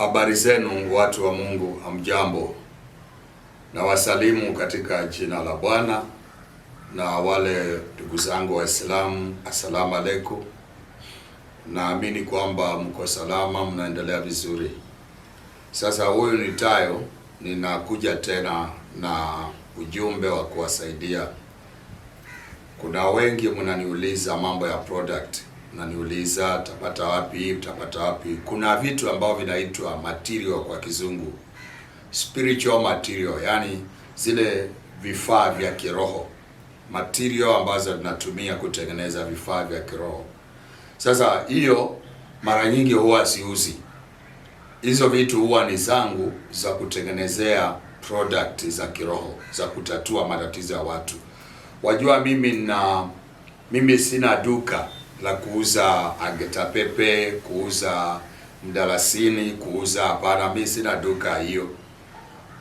Habari zenu watu wa Mungu, hamjambo? Na wasalimu katika jina la Bwana na wale ndugu zangu Waislamu, assalamu alaikum. Naamini kwamba mko salama, mnaendelea vizuri. Sasa huyu ni Tayo, ninakuja tena na ujumbe wa kuwasaidia. Kuna wengi mnaniuliza mambo ya product naniuliza utapata wapi, utapata wapi. Kuna vitu ambavyo vinaitwa material kwa kizungu, spiritual material, yani zile vifaa vya kiroho, material ambazo tunatumia kutengeneza vifaa vya kiroho. Sasa hiyo mara nyingi huwa siuzi hizo vitu, huwa ni zangu za kutengenezea product za kiroho za kutatua matatizo ya watu. Wajua mimi na mimi sina duka la kuuza agetapepe, kuuza mdalasini, kuuza hapana, mimi sina duka hiyo.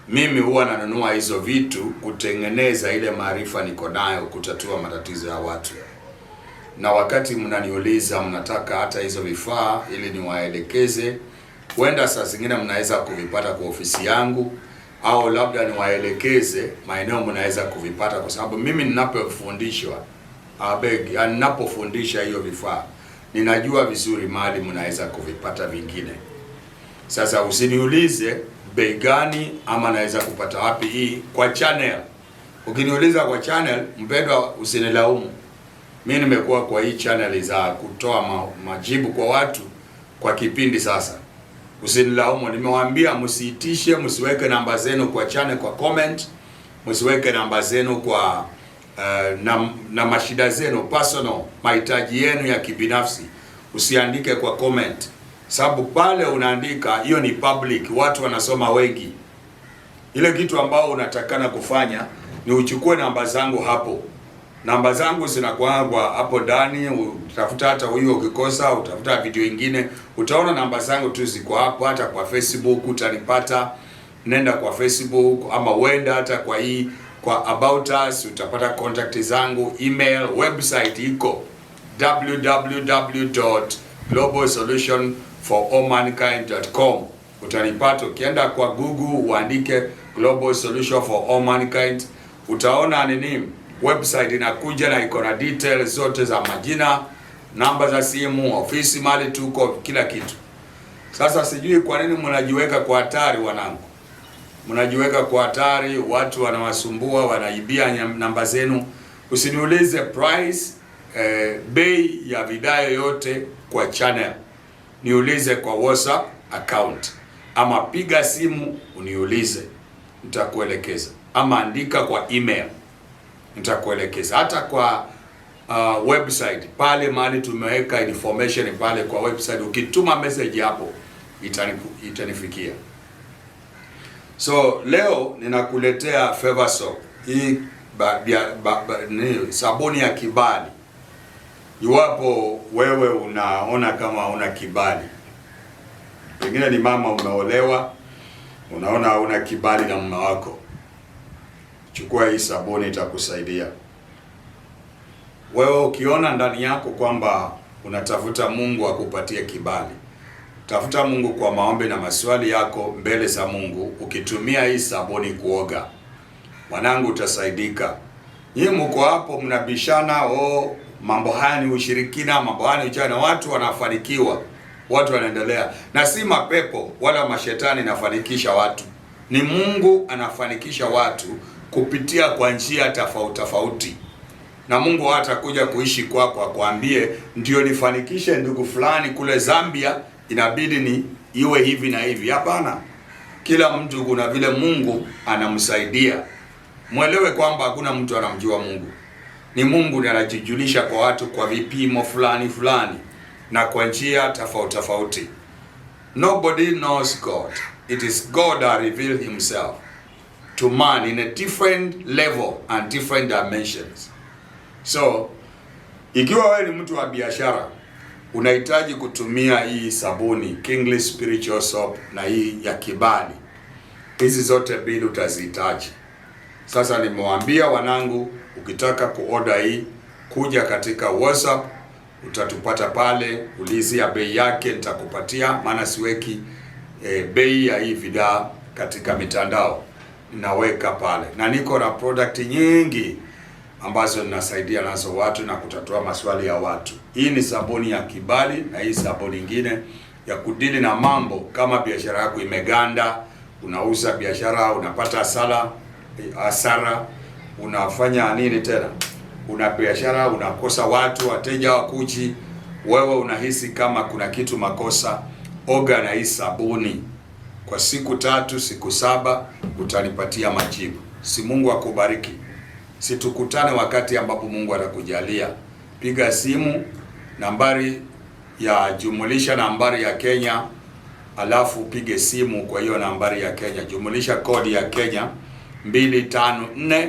Mimi huwa nanunua hizo vitu kutengeneza ile maarifa niko nayo kutatua matatizo ya watu. Na wakati mnaniuliza mnataka hata hizo vifaa ili niwaelekeze, huenda saa zingine mnaweza kuvipata kwa ofisi yangu au labda niwaelekeze maeneo mnaweza kuvipata, kwa sababu mimi ninapofundishwa abeg, anapofundisha hiyo vifaa, ninajua vizuri mahali mnaweza kuvipata vingine. Sasa usiniulize bei gani ama naweza kupata wapi hii kwa channel. Ukiniuliza kwa channel, mpendwa, usinilaumu mi nimekuwa kwa hii channel za kutoa ma majibu kwa watu kwa kipindi sasa, usinilaumu. Nimewaambia msiitishe, msiweke namba zenu kwa channel, kwa comment, msiweke namba zenu kwa uh, na, na mashida zenu personal, mahitaji yenu ya kibinafsi, usiandike kwa comment, sababu pale unaandika hiyo ni public, watu wanasoma wengi. Ile kitu ambao unatakana kufanya ni uchukue namba zangu hapo namba zangu zinakuangwa hapo ndani. Utafuta hata huyo, ukikosa utafuta video ingine, utaona namba zangu tu ziko hapo. Hata kwa Facebook utanipata, nenda kwa Facebook ama uenda hata kwa hii kwa about us, utapata contact zangu, email, website iko www.globalsolutionforallmankind.com. Utanipata ukienda kwa Google uandike Global Solution for All Mankind, utaona nini, website inakuja na iko na details zote za majina, namba za simu, ofisi, mali tuko, kila kitu. Sasa sijui kwa nini mnajiweka kwa hatari wanangu mnajiweka kwa hatari, watu wanawasumbua, wanaibia namba zenu. Usiniulize price eh, bei ya bidhaa yoyote kwa channel, niulize kwa WhatsApp account ama piga simu uniulize, nitakuelekeza ama andika kwa email nitakuelekeza, hata kwa uh, website pale mahali tumeweka information pale kwa website, ukituma message hapo itanifikia. So leo ninakuletea Feversol hii ba, ba, ba, ni, sabuni ya kibali. Iwapo wewe unaona kama una kibali, pengine ni mama umeolewa, unaona una kibali na mume wako, chukua hii sabuni, itakusaidia wewe. Ukiona ndani yako kwamba unatafuta Mungu akupatie kibali Tafuta Mungu kwa maombi na maswali yako mbele za Mungu, ukitumia hii sabuni kuoga. Mwanangu, utasaidika. Nyinyi mko hapo mnabishana, oh, mambo haya ni ushirikina, mambo haya ni na Watu wanafanikiwa, watu wanaendelea, na si mapepo wala mashetani nafanikisha watu, ni Mungu anafanikisha watu kupitia kwa njia tofauti tofauti na Mungu hatakuja kuishi kwako kwa, akwambie ndio nifanikishe ndugu fulani kule Zambia inabidi ni iwe hivi na hivi. Hapana, kila mtu kuna vile Mungu anamsaidia. Mwelewe kwamba hakuna mtu anamjua Mungu, ni Mungu ndiye anajijulisha kwa watu kwa vipimo fulani fulani na kwa njia tofauti tofauti. Nobody knows God, it is God that reveal himself to man in a different level and different dimensions. So ikiwa wewe ni mtu wa biashara unahitaji kutumia hii sabuni Kingly Spiritual Soap na hii ya Kibali. Hizi zote mbili utazihitaji. Sasa nimewaambia wanangu, ukitaka kuoda hii kuja katika WhatsApp utatupata pale, ulizia bei yake nitakupatia, maana siweki e, bei ya hii bidhaa katika mitandao, ninaweka pale na niko na product nyingi ambazo ninasaidia nazo watu na kutatua maswali ya watu. Hii ni sabuni ya kibali na hii sabuni nyingine ya kudili na mambo kama biashara yako imeganda, unauza biashara unapata hasara, hasara unafanya nini tena, una biashara unakosa watu, wateja wakuji, wewe unahisi kama kuna kitu makosa, oga na hii sabuni kwa siku tatu, siku saba, utanipatia majibu. Si Mungu akubariki situkutane wakati ambapo Mungu atakujalia. Piga simu nambari ya jumulisha nambari ya Kenya, alafu pige simu kwa hiyo nambari ya Kenya, jumulisha kodi ya Kenya 254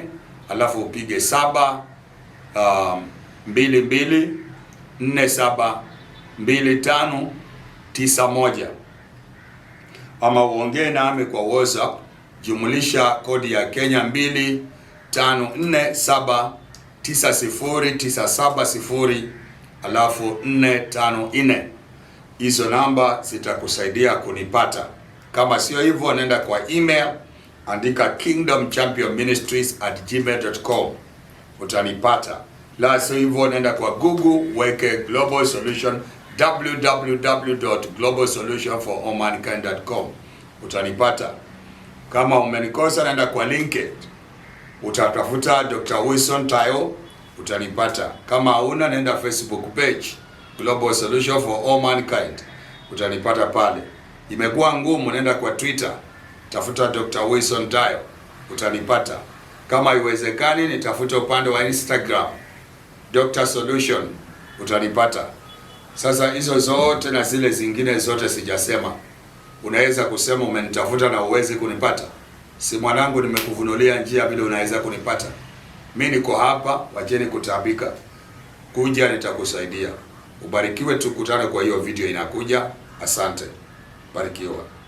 alafu upige saba um, mbili mbili nne saba mbili tano tisa moja ama uongee nami kwa WhatsApp jumulisha kodi ya Kenya mbili tano nne saba tisa sifuri tisa saba sifuri alafu nne tano nne. Hizo namba zitakusaidia kunipata. Kama sio hivyo, nenda kwa email, andika gmail.com utanipata. La sio hivyo, nenda kwa Google, weke Global Solution www.globalsolutionforomankind.com utanipata. Kama umenikosa, nenda kwa LinkedIn utatafuta Dr. Wilson Tayo utanipata. Kama hauna nenda Facebook page Global Solution for All Mankind utanipata pale. Imekuwa ngumu, nenda kwa Twitter tafuta Dr. Wilson Tayo utanipata. Kama iwezekani, nitafuta upande wa Instagram Dr. Solution utanipata. Sasa hizo zote na zile zingine zote sijasema, unaweza kusema umenitafuta na uwezi kunipata si mwanangu, nimekuvunulia njia vile unaweza kunipata. Mi niko hapa, wacheni kutabika, kuja nitakusaidia. Ubarikiwe, tukutane. Kwa hiyo video inakuja. Asante, barikiwa.